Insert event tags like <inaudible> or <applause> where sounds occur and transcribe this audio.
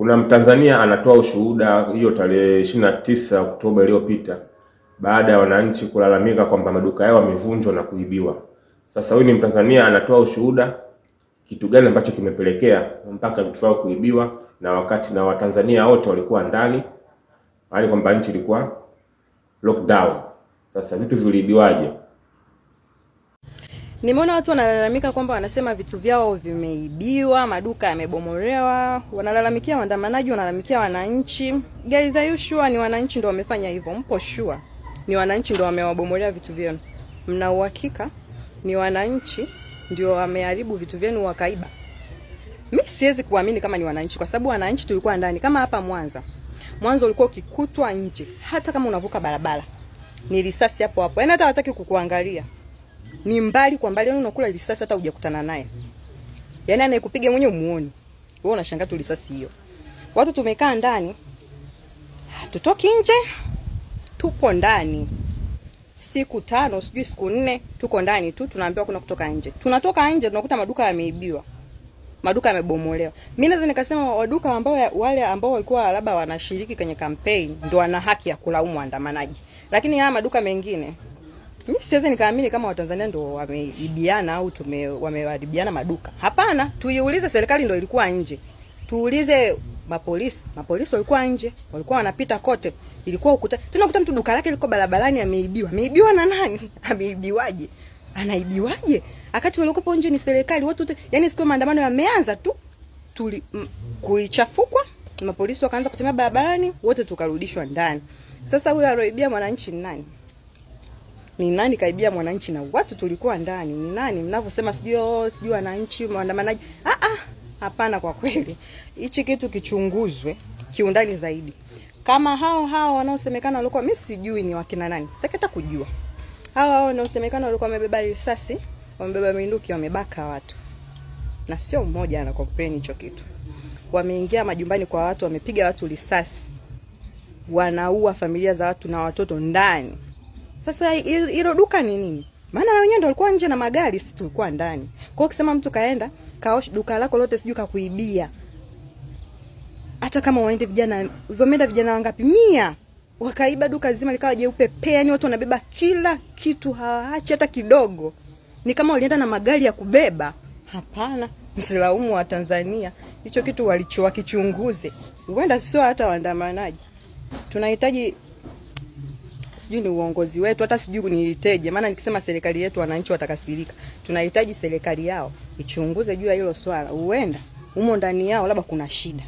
Kuna Mtanzania anatoa ushuhuda hiyo tarehe ishirini na tisa Oktoba iliyopita baada ya wananchi kulalamika kwamba maduka yao yamevunjwa na kuibiwa. Sasa huyu ni Mtanzania anatoa ushuhuda kitu gani ambacho kimepelekea mpaka vitu vyao kuibiwa, na wakati na Watanzania wote walikuwa ndani, hali kwamba nchi ilikuwa lockdown. Sasa vitu viliibiwaje? Nimeona watu wanalalamika kwamba wanasema vitu vyao vimeibiwa, maduka yamebomolewa, wanalalamikia waandamanaji, wanalalamikia wananchi. Guys, are you sure ni wananchi ndio wamefanya hivyo? Mpo sure ni wananchi ndio wamewabomolea vitu vyenu? Mna uhakika ni wananchi ndio wameharibu vitu vyenu wakaiba? Mi siwezi kuamini kama ni wananchi, kwa sababu wananchi tulikuwa ndani. Kama hapa Mwanza, Mwanza ulikuwa ukikutwa nje, hata kama unavuka barabara ni risasi hapo hapo, yaani hata hawataki kukuangalia ni mbali kwa mbali, yani unakula risasi hata hujakutana naye, yani anayekupiga mwenyewe umuoni wewe, unashangaa tu risasi hiyo. Watu tumekaa ndani, tutoki nje, tupo ndani siku tano, sijui siku nne, tuko ndani tu, tunaambiwa kuna kutoka nje. Tunatoka nje, tunakuta maduka yameibiwa, maduka yamebomolewa. Mi naweza nikasema waduka ambao wale ambao walikuwa labda wanashiriki kwenye kampeni ndio wana haki ya kulaumu waandamanaji, lakini haya maduka mengine mimi siwezi nikaamini kama Watanzania ndio wameibiana au tume wamewaribiana maduka. Hapana, tuiulize serikali ndio ilikuwa nje. Tuulize mapolisi, mapolisi walikuwa nje, walikuwa wanapita kote. Ilikuwa ukuta. Tena ukuta mtu duka lake liko barabarani ameibiwa. Ameibiwa na nani? <laughs> Ameibiwaje? Anaibiwaje? Wakati walikuwa nje ni serikali. Watu Yaani siku maandamano yameanza tu tuli kuichafukwa, mapolisi wakaanza kutembea barabarani, wote tukarudishwa ndani. Sasa huyo aroibia mwananchi ni nani? ni nani kaibia mwananchi na watu tulikuwa ndani, ni nani mnavyosema, sijui oh, sijui wananchi maandamanaji Ah ah, hapana, kwa kweli hichi kitu kichunguzwe kiundani zaidi. Kama hao hao wanaosemekana walikuwa, mimi sijui ni wakina nani, sitaki hata kujua. Hao hao wanaosemekana walikuwa wamebeba risasi, wamebeba minduki, wamebaka watu, na sio mmoja ana complain hicho kitu. Wameingia majumbani kwa watu, wamepiga watu risasi, wanaua familia za watu na watoto ndani. Sasa hilo duka ni nini? Maana na wenyewe ndo walikuwa nje na magari, sisi tulikuwa ndani. Kwa hiyo ukisema mtu kaenda kaosh duka lako lote, sijui kakuibia, hata kama waende vijana, wameenda vijana wangapi, mia wakaiba duka zima likawa jeupe pe, yani watu wanabeba kila kitu, hawaachi hata kidogo. Ni kama walienda na magari ya kubeba. Hapana, msilaumu wa Tanzania, hicho kitu walicho wakichunguze, huenda sio hata waandamanaji. Tunahitaji sijui ni uongozi wetu, hata sijui niiteje. Maana nikisema serikali yetu wananchi watakasirika. Tunahitaji serikali yao ichunguze juu ya hilo swala, huenda humo ndani yao labda kuna shida.